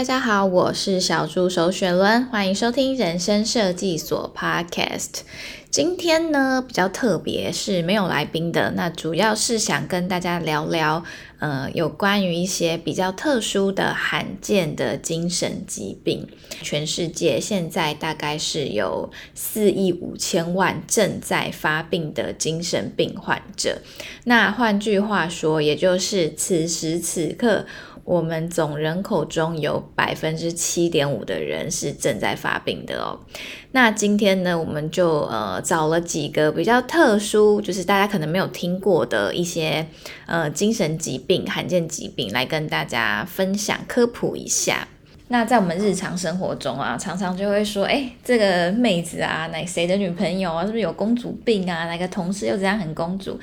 大家好，我是小助手雪倫，歡迎收聽人生設計所 Podcast。今天呢，比較特別，是沒有來賓的，那主要是想跟大家聊聊，呃，有關於一些比較特殊的、罕見的精神疾病。全世界現在大概是有四億五千萬正在發病的精神病患者，那換句話說，也就是此時此刻，我們總人口中有百分之七點五的人是正在發病的哦。那今天呢，我們就呃找了幾個比較特殊，就是大家可能沒有聽過的一些呃精神疾病、罕見疾病來跟大家分享科普一下。那在我們日常生活中啊，常常就會說，誒，這個妹子啊，那誰的女朋友啊，是不是有公主病啊？哪個同事又怎樣很公主？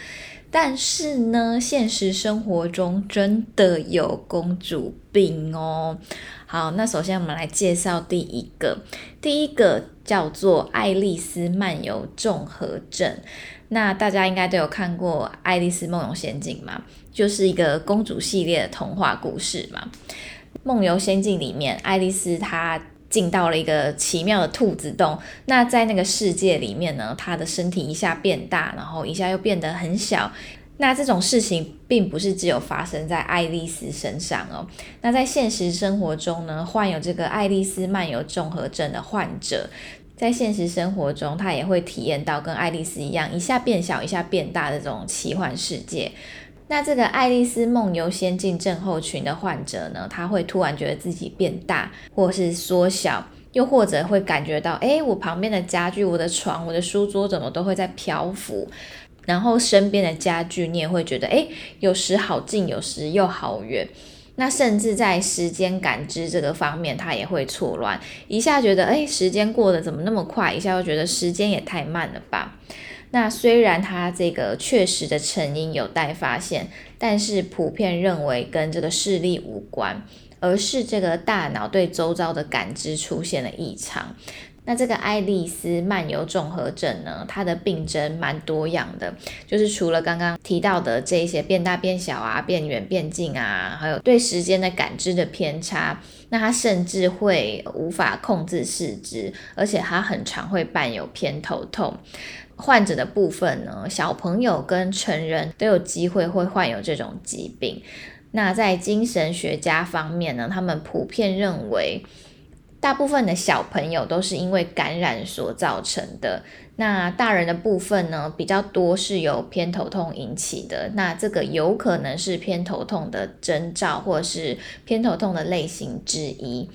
但是呢，現實生活中真的有公主病哦。好，那首先我們來介紹第一個，第一個叫做愛麗絲漫遊綜合症。那大家應該都有看過《愛麗絲夢遊仙境》嘛，就是一個公主系列的童話故事嘛。夢遊仙境裡面，愛麗絲她。進到了一個奇妙的兔子洞。那在那個世界裡面呢，他的身體一下變大，然後一下又變得很小。那這種事情並不是只有發生在愛麗絲身上哦。那在現實生活中呢，患有這個愛麗絲漫遊綜合症的患者，在現實生活中他也會體驗到跟愛麗絲一樣，一下變小，一下變大的這種奇幻世界。那這個愛麗絲夢遊仙境症候群的患者呢，他會突然覺得自己變大，或是縮小，又或者會感覺到，哎、欸，我旁邊的家具、我的床、我的書桌怎麼都會在漂浮，然後身邊的家具你也會覺得，哎、欸，有時好近，有時又好遠。那甚至在時間感知這個方面，他也會錯亂，一下覺得，哎、欸，時間過得怎麼那麼快，一下又覺得時間也太慢了吧。那雖然它這個確實的成因有待發現，但是普遍認為跟這個視力無關，而是這個大腦對周遭的感知出現了異常。那這個愛麗絲漫遊綜合症呢，它的病症蠻多樣的，就是除了剛剛提到的這一些變大變小啊、變遠變近啊，還有對時間的感知的偏差。那它甚至會無法控制四肢，而且它很常會伴有偏頭痛。患者的部分呢，小朋友跟成人都有機會會患有這種疾病。那在精神學家方面呢，他們普遍認為，大部分的小朋友都是因為感染所造成的。那大人的部分呢，比較多是由偏頭痛引起的。那這個有可能是偏頭痛的徵兆，或者是偏頭痛的類型之一。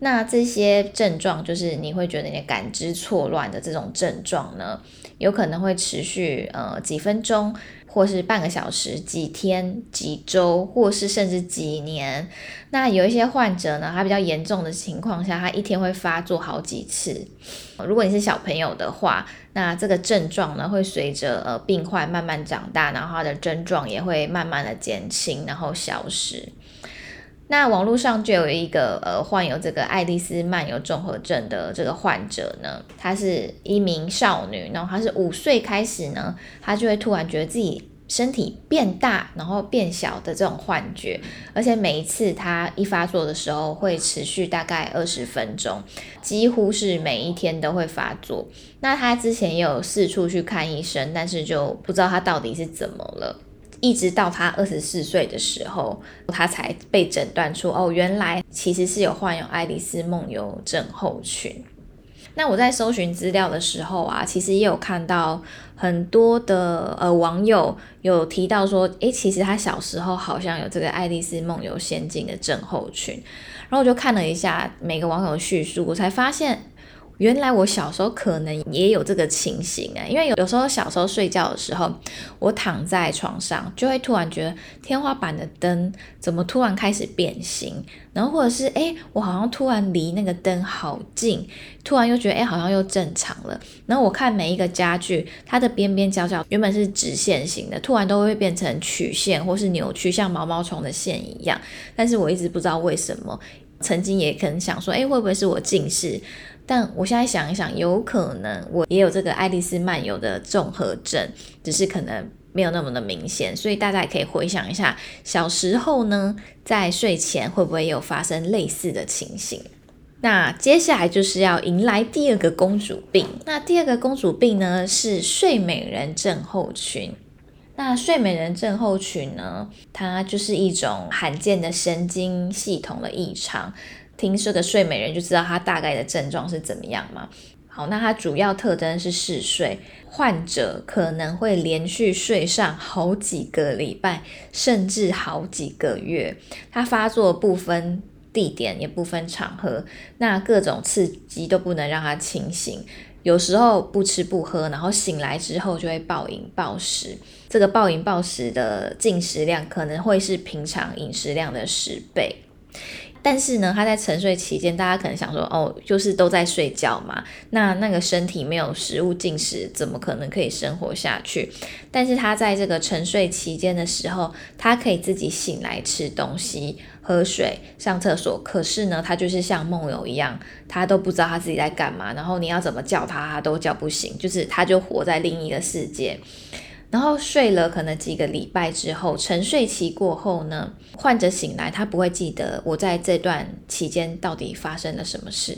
那這些症狀就是你會覺得你的感知錯亂的這種症狀呢，有可能會持續呃幾分鐘，或是半個小時、幾天、幾週，或是甚至幾年。那有一些患者呢，他比較嚴重的情況下，他一天會發作好幾次。如果你是小朋友的話，那這個症狀呢，會隨着呃病患慢慢長大，然後他的症狀也會慢慢的減輕，然後消失。那網絡上就有一個呃患有這個愛麗絲漫遊綜合症的這個患者呢，她是一名少女，然後她是五歲開始呢，她就會突然覺得自己身體變大，然後變小的這種幻覺，而且每一次她一發作的時候會持續大概二十分鐘，幾乎是每一天都會發作。那她之前也有四處去看醫生，但是就不知道她到底是怎麼了。一直到他二十四歲的時候，他才被診斷出哦，原來其實是有患有愛麗絲夢遊症候群。那我在搜尋資料的時候啊，其實也有看到很多的呃網友有提到說，哎、欸，其實他小時候好像有這個愛麗絲夢遊仙境的症候群。然後我就看了一下每個網友的敘述，我才發現。原來我小時候可能也有這個情形誒，因為有有時候小時候睡覺的時候，我躺在床上就會突然覺得天花板的燈怎麼突然開始變形，然後或者是哎，我好像突然離那個燈好近，突然又覺得哎，好像又正常了。然後我看每一個家具，它的邊邊角角原本是直線型的，突然都會變成曲線或是扭曲，像毛毛蟲的線一樣。但是我一直不知道為什麼，曾經也可能想說，哎，會不會是我近視？但我現在想一想，有可能我也有這個愛麗絲漫遊的綜合症，只是可能沒有那麼的明顯。所以大家也可以回想一下，小時候呢，在睡前會不會有發生類似的情形？那接下來就是要迎來第二個公主病。那第二個公主病呢，是睡美人症候群。那睡美人症候群呢，它就是一種罕見的神經系統的異常。聽這個睡美人就知道他大概的症狀是怎麼樣嗎？好，那他主要特徵是嗜睡，患者可能會連續睡上好幾個禮拜，甚至好幾個月。他發作不分地點，也不分場合，那各種刺激都不能讓他清醒。有時候不吃不喝，然後醒來之後就會暴飲暴食。這個暴飲暴食的進食量可能會是平常飲食量的十倍。但是呢，他在沉睡期間，大家可能想說，哦，就是都在睡覺嘛，那那個身體沒有食物進食，怎麼可能可以生活下去？但是他在這個沉睡期間的時候，他可以自己醒來吃東西、喝水、上廁所。可是呢，他就是像夢遊一樣，他都不知道他自己在幹嘛。然後你要怎麼叫他，他都叫不醒，就是他就活在另一個世界。然後睡了可能幾個禮拜之後，沉睡期過後呢，患者醒來，他不會記得我在這段期間到底發生了什麼事。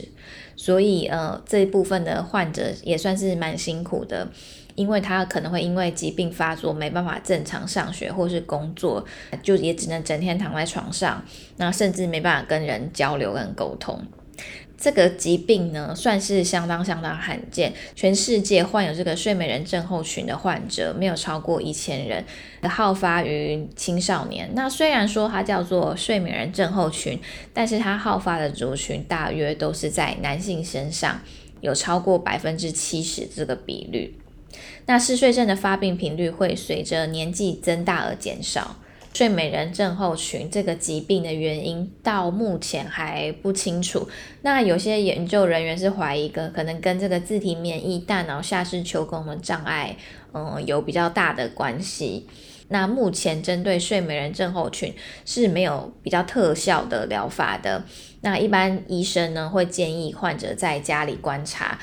所以，呃，這一部分的患者也算是蠻辛苦的，因為他可能會因為疾病發作，沒辦法正常上學或是工作，就也只能整天躺在床上，那甚至沒辦法跟人交流、跟溝通。這個疾病呢，算是相當相當罕見。全世界患有這個睡美人症候群的患者，沒有超過一千人。好發於青少年。那雖然說它叫做睡美人症候群，但是它好發的族群大約都是在男性身上，有超過百分之七十這個比率。那嗜睡症的發病頻率會隨着年紀增大而減少。睡美人症候群這個疾病的原因到目前還不清楚。那有些研究人員是懷疑跟可能跟這個自體免疫、大腦下視丘功能障礙，嗯，有比較大的關係。那目前針對睡美人症候群是沒有比較特效的療法的。那一般醫生呢，會建議患者在家裡觀察。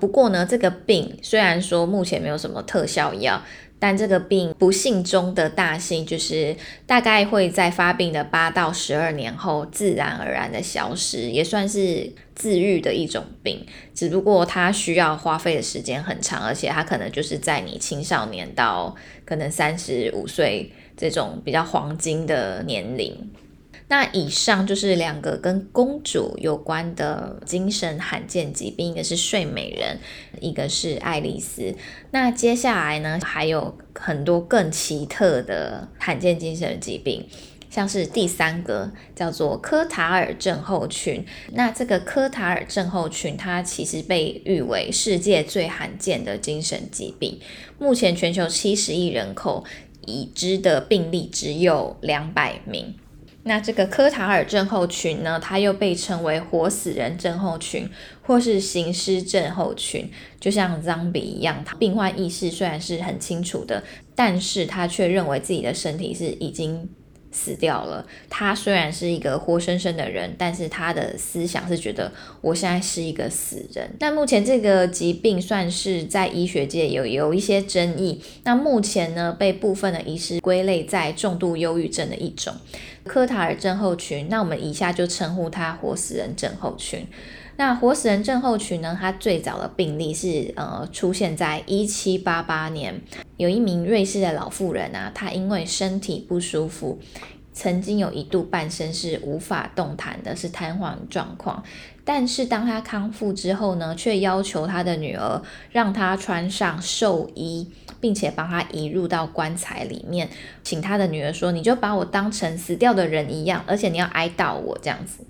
不過呢，這個病雖然說目前沒有什麼特效藥。但這個病不幸中的大幸，就是大概會在發病的八到十二年後自然而然的消失，也算是治癒的一種病。只不過它需要花費的時間很長，而且它可能就是在你青少年到可能三十五歲這種比較黃金的年齡。那以上就是兩個跟公主有關的精神罕見疾病，一個是睡美人，一個是愛麗絲。那接下來呢，還有很多更奇特的罕見精神疾病，像是第三個叫做科塔爾症候群。那這個科塔爾症候群，它其實被譽為世界最罕見的精神疾病。目前全球七十億人口已知的病例只有兩百名。那這個科塔爾症候群呢，它又被稱為活死人症候群，或是行屍症候群，就像 zombie 一樣。他病患意識雖然是很清楚的，但是他卻認為自己的身體是已經。死掉了。他雖然是一個活生生的人，但是他的思想是覺得我現在是一個死人。那目前這個疾病算是在醫學界有有一些爭議。那目前呢，被部分的醫師歸類在重度憂鬱症的一種科塔爾症候群。那我們以下就稱呼他“活死人症候群”。那活死人症候群呢，它最早的病例是呃出現在一七八八年，有一名瑞士的老婦人啊，她因為身體不舒服，曾經有一度半身是無法動彈的，是癱瘓狀況。但是當她康復之後呢，卻要求她的女兒讓她穿上壽衣，並且幫她移入到棺材裡面，請她的女兒說：“你就把我當成死掉的人一樣，而且你要哀悼我。”這樣子。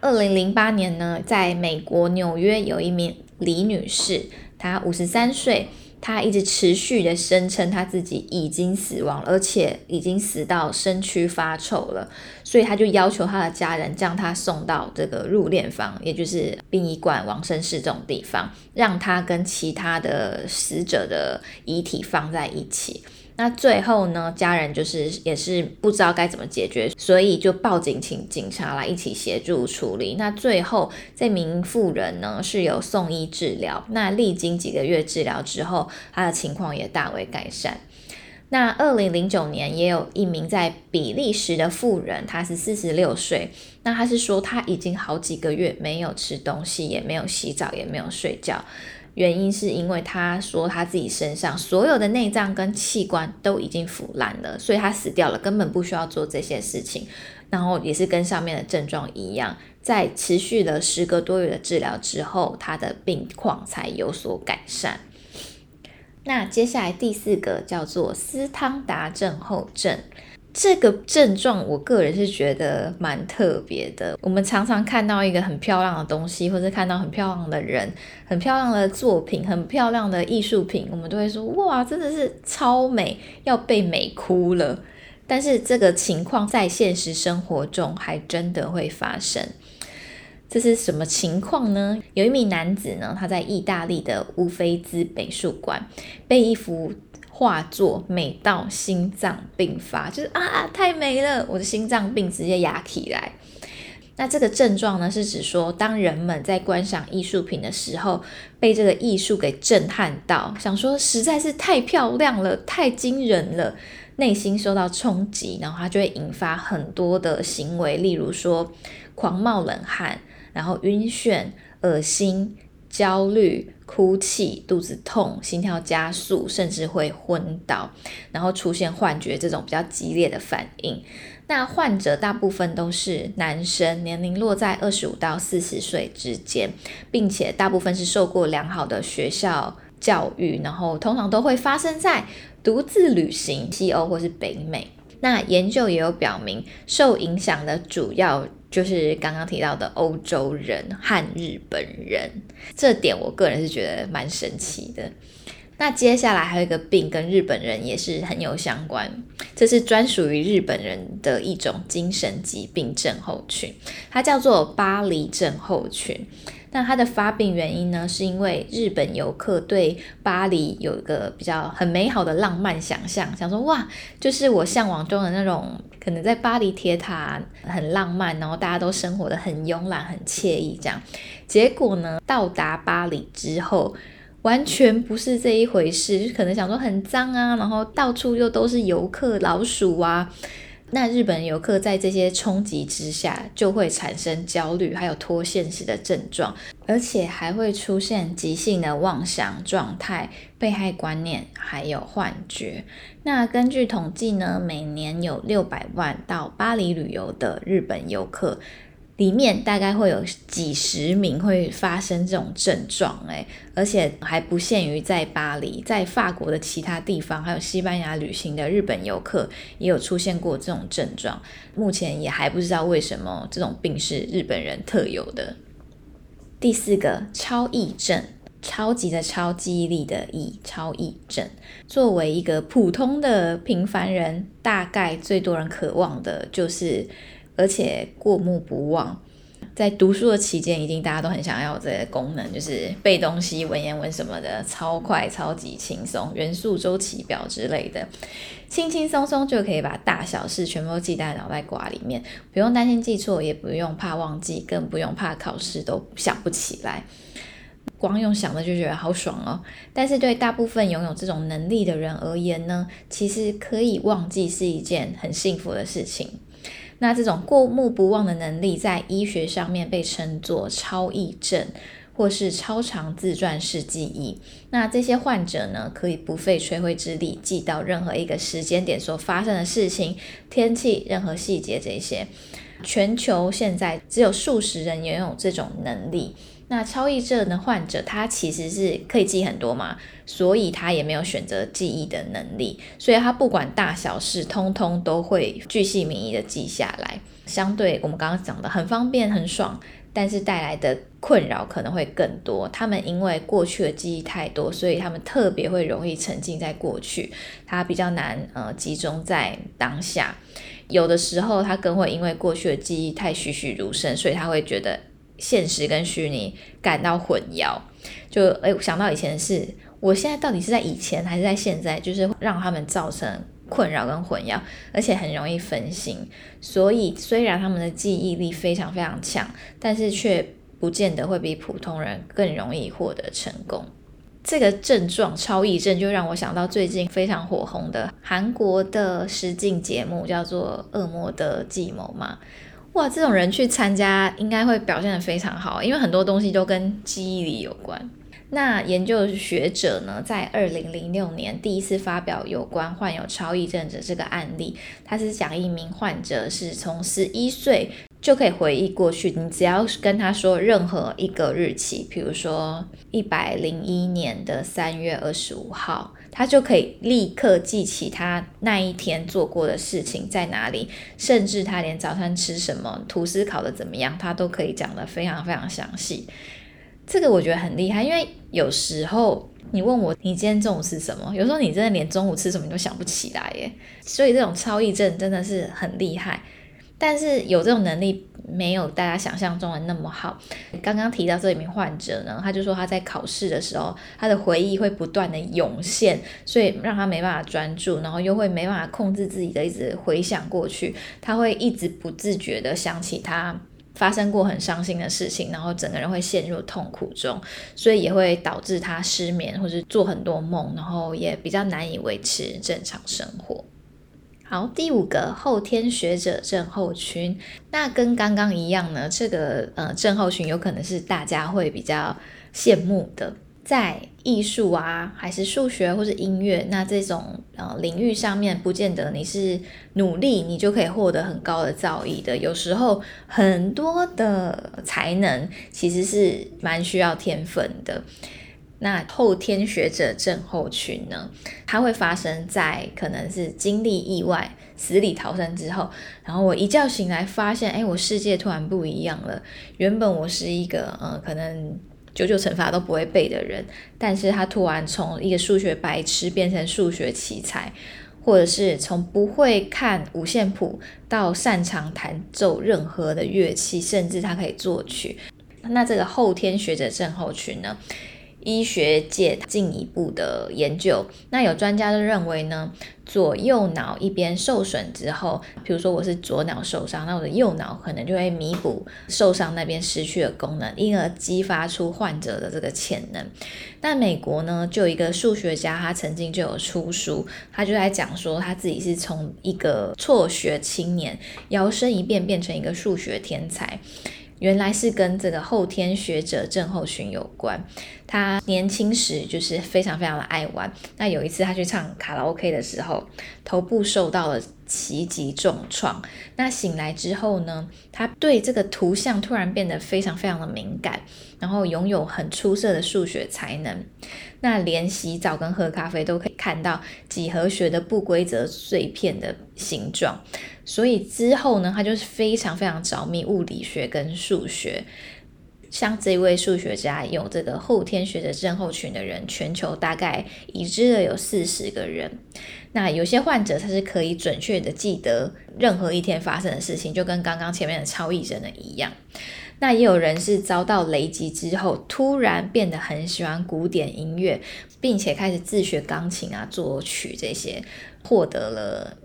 二零零八年呢，在美國紐約有一名李女士，她五十三歲，她一直持續地聲稱她自己已經死亡，而且已經死到身軀發臭了，所以她就要求她的家人將她送到這個入殮房，也就是殯儀館、往生室這種地方，讓她跟其他的死者的遺體放在一起。那最後呢，家人就是也是不知道該怎麼解決，所以就報警請警察來一起協助處理。那最後這名婦人呢，是有送醫治療，那歷經幾個月治療之後，她的情況也大為改善。那二零零九年也有一名在比利時的婦人，她是四十六歲，那她是說她已經好幾個月沒有吃東西，也沒有洗澡，也沒有睡覺。原因是因為他說他自己身上所有的內臟跟器官都已經腐爛了，所以他死掉了，根本不需要做這些事情。然後也是跟上面的症狀一樣，在持續了十個多月的治療之後，他的病況才有所改善。那接下來第四個叫做斯湯達症候症。這個症狀，我個人是覺得蠻特別的。我們常常看到一個很漂亮的東西，或是看到很漂亮的人、很漂亮的作品、很漂亮的藝術品，我們都會說：“哇，真的是超美，要被美哭了。”但是這個情況在現實生活中還真的會發生。這是什麼情況呢？有一名男子呢，他在意大利的烏菲茲美術館被一幅畫作美到心臟病發，就是啊啊，太美了，我的心臟病直接壓起來。那這個症狀呢，是指說，當人們在觀賞藝術品的時候，被這個藝術給震撼到，想說實在是太漂亮了，太驚人了，內心受到衝擊，然後它就會引發很多的行為，例如說狂冒冷汗，然後暈眩、噁心、噁心、焦慮。哭泣、肚子痛、心跳加速，甚至會昏倒，然後出現幻覺，這種比較激烈的反應。那患者大部分都是男生，年齡落在二十五到四十歲之間，並且大部分是受過良好的學校教育，然後通常都會發生在獨自旅行西歐或是北美。那研究也有表明，受影響的主要就是剛剛提到的歐洲人和日本人，這點我個人是覺得蠻神奇的。那接下來還有一個病跟日本人也是很有相關，這是專屬於日本人的一種精神疾病症候群，它叫做巴黎症候群。但它的發病原因呢，是因為日本遊客對巴黎有一個比較很美好的浪漫想象，想說哇，就是我嚮往中的那種，可能在巴黎鐵塔很浪漫，然後大家都生活得很慵懶、很愜意這樣。結果呢，到達巴黎之後，完全不是這一回事，可能想說很髒啊，然後到處又都是遊客、老鼠啊。那日本遊客在這些衝擊之下，就會產生焦慮，還有脫現實的症狀，而且還會出現急性的妄想狀態、被害觀念，還有幻覺。那根據統計呢，每年有六百萬到巴黎旅遊的日本遊客。裡面大概會有幾十名會發生這種症狀，誒，而且還不限於在巴黎，在法國的其他地方，還有西班牙旅行的日本遊客也有出現過這種症狀。目前也還不知道為什麼這種病是日本人特有的。第四個超憶症，超級的超記憶力的憶，超憶症。作為一個普通的平凡人，大概最多人渴望的就是。而且過目不忘，在讀書的期間，一定大家都很想要這個功能，就是背東西、文言文什麼的，超快、超級輕鬆。元素週期表之類的，輕輕鬆鬆就可以把大小事全部都記在腦袋瓜裡面，不用擔心記錯，也不用怕忘記，更不用怕考試都想不起來。光用想的就覺得好爽哦。但是對大部分擁有這種能力的人而言呢，其實可以忘記是一件很幸福的事情。那這種過目不忘的能力，在醫學上面被稱作超憶症，或是超長自傳式記憶。那這些患者呢，可以不費吹灰之力記到任何一個時間點所發生的事情、天氣、任何細節這些。全球現在只有數十人擁有這種能力。那超憶症的患者，他其實是可以記很多嘛，所以他也沒有選擇記憶的能力，所以他不管大小事，通通都會巨細靡遺的記下來。相對我們剛剛講的，很方便很爽，但是帶來的困擾可能會更多。他們因為過去的記憶太多，所以他們特別會容易沉浸在過去，他比較難呃集中在當下。有的時候他更會因為過去的記憶太栩栩如生，所以他會覺得。現實跟虛擬感到混淆，就哎、欸、我想到以前是我現在到底是在以前還是在現在？就是讓他們造成困擾跟混淆，而且很容易分心。所以雖然他們的記憶力非常非常強，但是卻不見得會比普通人更容易獲得成功。這個症狀超憶症，就讓我想到最近非常火紅的韓國的實境節目，叫做《惡魔的計謀》嘛。哇，這種人去參加應該會表現得非常好，因為很多東西都跟記憶力有關。那研究學者呢，在二零零六年第一次發表有關患有超憶症者這個案例，他是講一名患者是從十一歲就可以回憶過去，你只要是跟他說任何一個日期，比如說一百零一年的三月二十五號。他就可以立刻記起他那一天做過的事情、在哪裡，甚至他連早餐吃什麼、吐司烤的怎麼樣，他都可以講得非常非常詳細。這個我覺得很厲害，因為有時候你問我你今天中午吃什麼，有時候你真的連中午吃什麼你都想不起來耶。所以這種超憶症真的是很厲害。但是有這種能力，沒有大家想象中的那麼好。剛剛提到這一名患者呢，他就說他在考試的時候，他的回憶會不斷的湧現，所以讓他沒辦法專注，然後又會沒辦法控制自己的一直回想過去，他會一直不自覺的想起他發生過很傷心的事情，然後整個人會陷入痛苦中，所以也會導致他失眠或是做很多夢，然後也比較難以維持正常生活。好，第五個後天學者症候群，那跟剛剛一樣呢。這個呃症候群有可能是大家會比較羨慕的，在藝術啊，還是數學或是音樂，那這種呃領域上面，不見得你是努力，你就可以獲得很高的造詣的。有時候很多的才能其實是蠻需要天分的。那後天學者症候群呢？它會發生在可能是經歷意外、死裡逃生之後，然後我一覺醒來發現，哎，我世界突然不一樣了。原本我是一個，嗯，可能九九乘法都不會背的人，但是他突然從一個數學白痴變成數學奇才，或者是從不會看五線譜到擅長彈奏任何的樂器，甚至他可以作曲。那這個後天學者症候群呢？醫學界進一步的研究，那有專家就認為呢，左右腦一邊受損之後，比如說我是左腦受傷，那我的右腦可能就會彌補受傷那邊失去的功能，因而激發出患者的這個潛能。但美國呢，就有一個數學家，他曾經就有出書，他就在講說，他自己是從一個輟學青年搖身一變變成一個數學天才。原來是跟這個後天學者症候群有關。他年輕時就是非常非常的愛玩。那有一次他去唱卡拉 OK 的時候，頭部受到了。奇蹟重創，那醒來之後呢，他對這個圖像突然變得非常非常的敏感，然後擁有很出色的數學才能。那連洗澡跟喝咖啡都可以看到幾何學的不規則碎片的形狀，所以之後呢，他就是非常非常着迷物理學跟數學。像這一位數學家有這個後天學者症候群的人，全球大概已知的有四十個人。那有些患者他是可以準確的記得任何一天發生的事情，就跟剛剛前面的超憶症的一樣。那也有人是遭到雷擊之後，突然變得很喜歡古典音樂，並且開始自學鋼琴啊、作曲這些，獲得了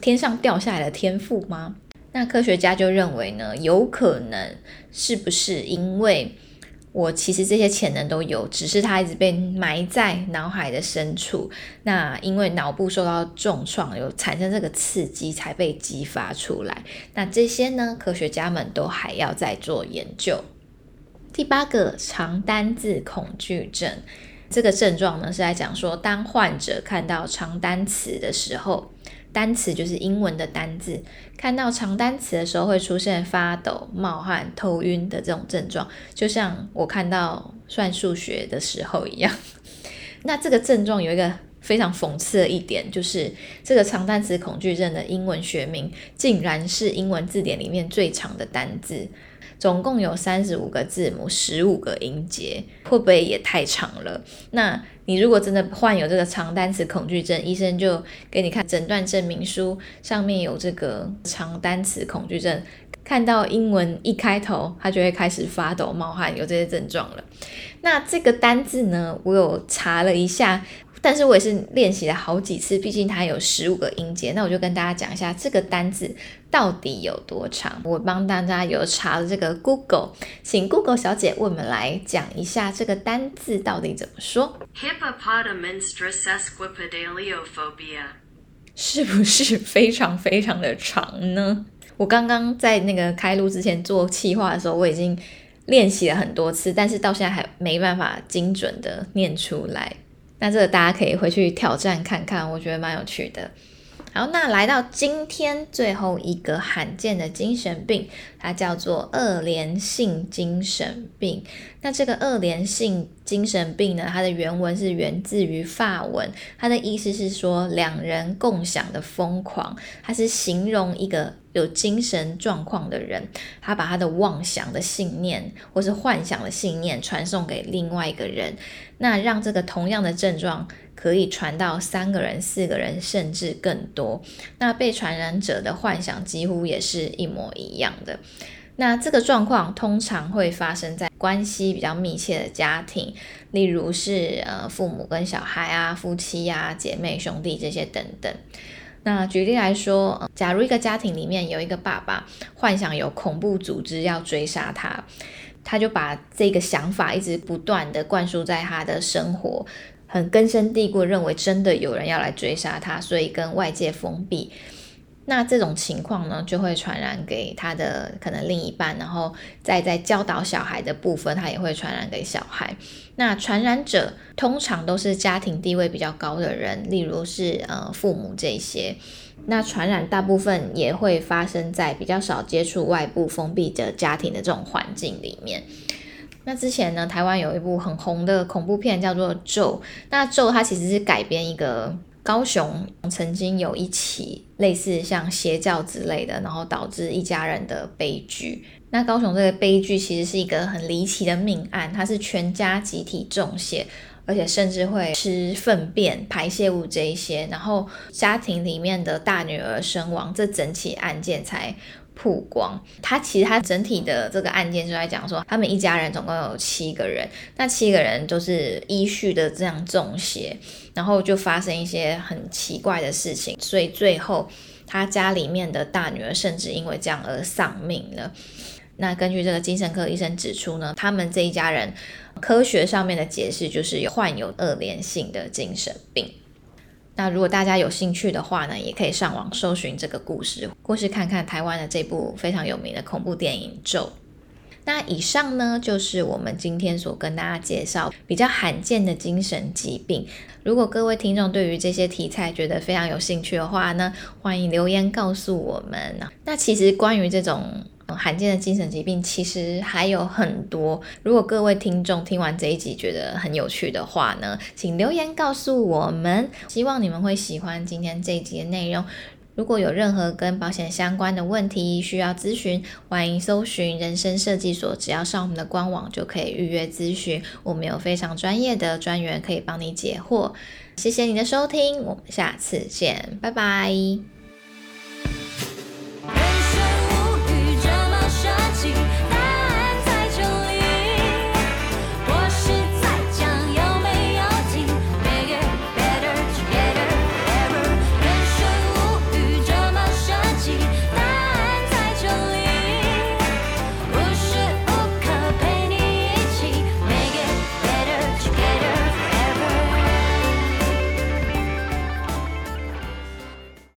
天上掉下來的天賦嗎？那科學家就認為呢，有可能是不是因為我其實這些潛能都有，只是它一直被埋在腦海的深處。那因為腦部受到重創，有產生這個刺激才被激發出來。那這些呢，科學家們都還要再做研究。第八個長單字恐懼症，這個症狀呢是來講說，當患者看到長單詞的時候，單詞就是英文的單字，看到長單詞的時候會出現發抖、冒汗、頭暈的這種症狀，就像我看到算數學的時候一樣。那這個症狀有一個非常諷刺的一點，就是這個長單詞恐懼症的英文學名，竟然是英文字典裡面最長的單字。總共有三十五個字母，十五個音節，會不會也太長了？那你如果真的患有這個長單詞恐懼症，醫生就給你看診斷證明書，上面有這個長單詞恐懼症。看到英文一開頭，他就會開始發抖、冒汗，有這些症狀了。那這個單字呢，我有查了一下，但是我也是練習了好幾次，畢竟它有十五個音節。那我就跟大家講一下這個單字到底有多長。我幫大家有查了這個 Google，請 Google 小姐為我們來講一下這個單字到底怎麼說。Hippopotomonstrosesquipedaliophobia 是不是非常非常的長呢？我剛剛在那個開錄之前做企劃的時候，我已經練習了很多次，但是到現在還沒辦法精準的念出來。那這個大家可以回去挑戰看看，我覺得蠻有趣的。好，那來到今天最後一個罕見的精神病，它叫做二聯性精神病。那這個二聯性精神病呢，它的原文是源自於法文，它的意思是說兩人共享的瘋狂，它是形容一個有精神狀況的人，他把他的妄想的信念或是幻想的信念傳送給另外一個人，那讓這個同樣的症狀可以傳到三個人、四個人，甚至更多。那被傳染者的幻想幾乎也是一模一樣的。那這個狀況通常會發生在關係比較密切的家庭，例如是呃父母跟小孩啊、夫妻呀、啊、姐妹兄弟這些等等。那舉例來說，假如一個家庭裡面有一個爸爸幻想有恐怖組織要追殺他，他就把這個想法一直不斷的灌輸在他的生活，很根深蒂固，認為真的有人要來追殺他，所以跟外界封閉。那這種情況呢，就會傳染給他的可能另一半，然後再在教導小孩的部分，他也會傳染給小孩。那傳染者通常都是家庭地位比較高的人，例如是呃父母這些。那傳染大部分也會發生在比較少接觸外部封閉的家庭的這種環境裡面。那之前呢，台灣有一部很紅的恐怖片叫做《咒》，那《咒》它其實是改編一個。高雄曾經有一起類似像邪教之類的，然後導致一家人的悲劇。那高雄這個悲劇其實是一個很離奇的命案，它是全家集體中邪，而且甚至會吃糞便、排泄物這一些，然後家庭裡面的大女兒身亡，這整起案件才。曝光，他其實他整體的這個案件就在講說，他們一家人總共有七個人，那七個人都是依序的這樣中邪，然後就發生一些很奇怪的事情，所以最後他家裡面的大女兒甚至因為這樣而喪命了。那根據這個精神科醫生指出呢，他們這一家人科學上面的解釋就是有患有二聯性的精神病。那如果大家有興趣的話呢，也可以上網搜尋這個故事，或是看看台灣的這部非常有名的恐怖電影《咒》。那以上呢，就是我們今天所跟大家介紹比較罕見的精神疾病。如果各位聽眾對於這些題材覺得非常有興趣的話呢，歡迎留言告訴我們。那其實關於這種……罕見的精神疾病其實還有很多。如果各位聽眾聽完這一集覺得很有趣的話呢，請留言告訴我們。希望你們會喜歡今天這一集的內容。如果有任何跟保險相關的問題需要諮詢，歡迎搜尋“人生設計所”，只要上我們的官網就可以預約諮詢。我們有非常專業的專員可以幫你解惑。謝謝你的收聽，我們下次見，拜拜。